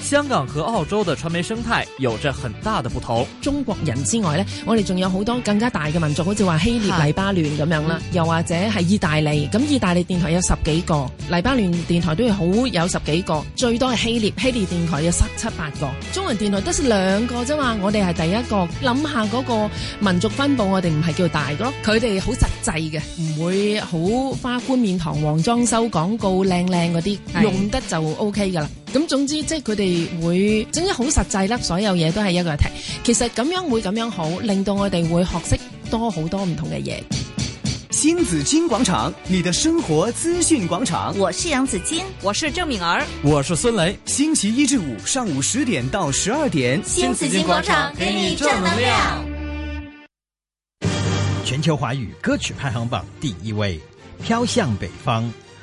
香港和澳洲的傳媒生態有着很大的不同。中國人之外呢，我哋仲有好多更加大嘅民族，好似話希臘、黎巴嫩咁樣啦，嗯、又或者係意大利。咁意大利電台有十幾個，黎巴嫩電台都要好有十幾個，最多係希臘，希臘電台有十七八個。中文電台得係兩個啫嘛，我哋係第一個。諗下嗰個民族分佈，我哋唔係叫大嘅咯。佢哋好實際嘅，唔會好花冠冕堂皇、裝修、廣告靚靚嗰啲，靚靚是用得就 OK 噶啦。咁總之，即係佢哋會，總之好實際啦。所有嘢都係一個題。其實咁樣會咁樣好，令到我哋會學識多好多唔同嘅嘢。新紫金廣場，你的生活資訊廣場我楊。我是楊紫金，我是鄭敏兒，我是孫雷。星期一至五上午十點到十二點，新紫金廣場給你正能量。全球華語歌曲排行榜第一位，《漂向北方》。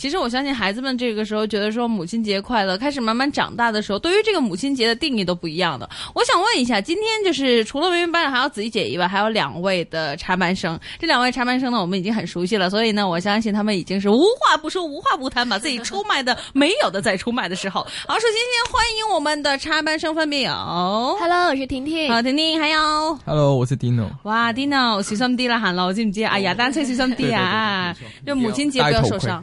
其實我相信孩子們這個時候覺得說母親節快樂，開始慢慢長大的時候，對於這個母親節的定義都不一樣的。我想問一下，今天就是除了文明班長還有子怡姐以外，還有兩位的插班生，這兩位插班生呢，我們已經很熟悉了，所以呢，我相信他們已經是無話不說、無話不談吧，把自己出賣的、 沒有的再出賣的時候。好，首先先歡迎我們的插班生分別有、Oh，Hello，我是婷婷，好，婷婷，還有，Hello，我是 Dino，哇，Dino，小心啲啦，行路知唔知啊，哎呀，單車小心啲啊，因為說母親節不要受傷。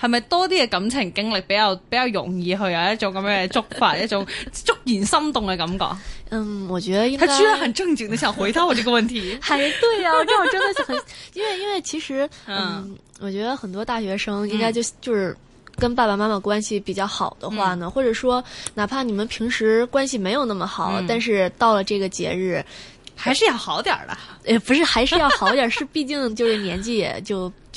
係咪多啲嘅感情經歷比較比較容易去有一種咁樣嘅觸發， 一種突然心動嘅感覺？嗯，我覺得應該。他居然很正經的想回答我這個問題。係、 哎，對啊，我真係真的很， 因為因為其實嗯， 我覺得很多大學生應該就、嗯、就是跟爸爸媽媽關係比較好的話呢，嗯、或者說哪怕你們平時關係沒有那麼好，嗯、但是到了這個節日，還是要好點啦。誒、 呃，不是，還是要好點，是畢竟就是年紀也就。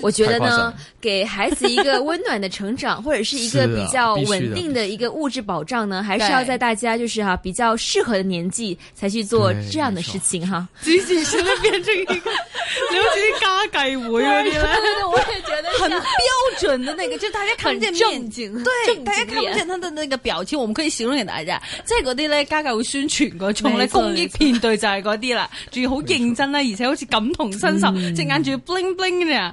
我覺得呢，給孩子一個溫暖的成長，或者是一個比較穩定的一個物質保障呢，還是要在大家就是哈比較適合的年紀才去做這樣的事情哈。僅僅是那邊這一個流鼻家計會模樣，對對對，我也覺得很標準的那個，就大家看不見面鏡，對，大家看不見他的那個表情，我們可以形容給大家。這個的咧，家計會宣傳嗰種咧公益片，對就係嗰啲啦，仲要好認真咧，而且好似感同身受，正眼仲要 bling bling 咧。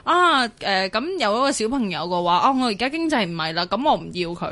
啊，誒、呃，咁有一個小朋友嘅話，哦、啊，我而家經濟唔係啦，咁我唔要佢。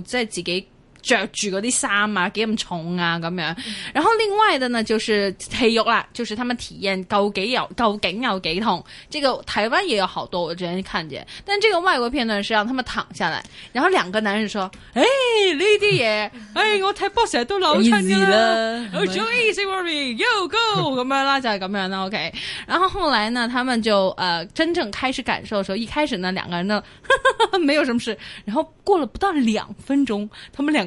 即係自己。着住嗰啲衫啊，幾咁重啊咁樣。然後另外的呢，就是體育啦，就是他們體驗究竟有究竟有幾痛。這個台灣也有好多，我之前看見。但這個外國片段是讓他們躺下來，然後兩個男人說：誒，Lady 嘢，誒、哎，我睇波蛇都老襯噶啦，I don't easy worry, you go 咁樣啦，就係咁樣啦。OK。然後後來呢，他們就呃真正開始感受嘅時候，一開始呢，兩個人呢， 沒有什麼事。然後過了不到兩分鐘，他們兩。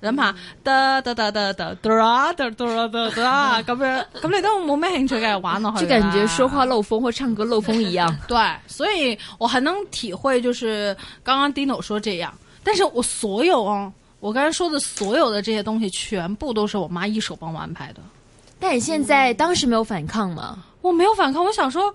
人怕。得得得得得，得啊得得啊得得啊，咁樣咁你都冇咩興趣嘅玩咯，就感覺說話漏風或唱歌漏風一樣。 對，所以我還能體會，就是剛剛 Dino 說這樣，但是我所有哦，我剛才說的所有的這些東西，全部都是我媽一手幫我安排的。但你現在當時沒有反抗嗎？ 我沒有反抗，我想說，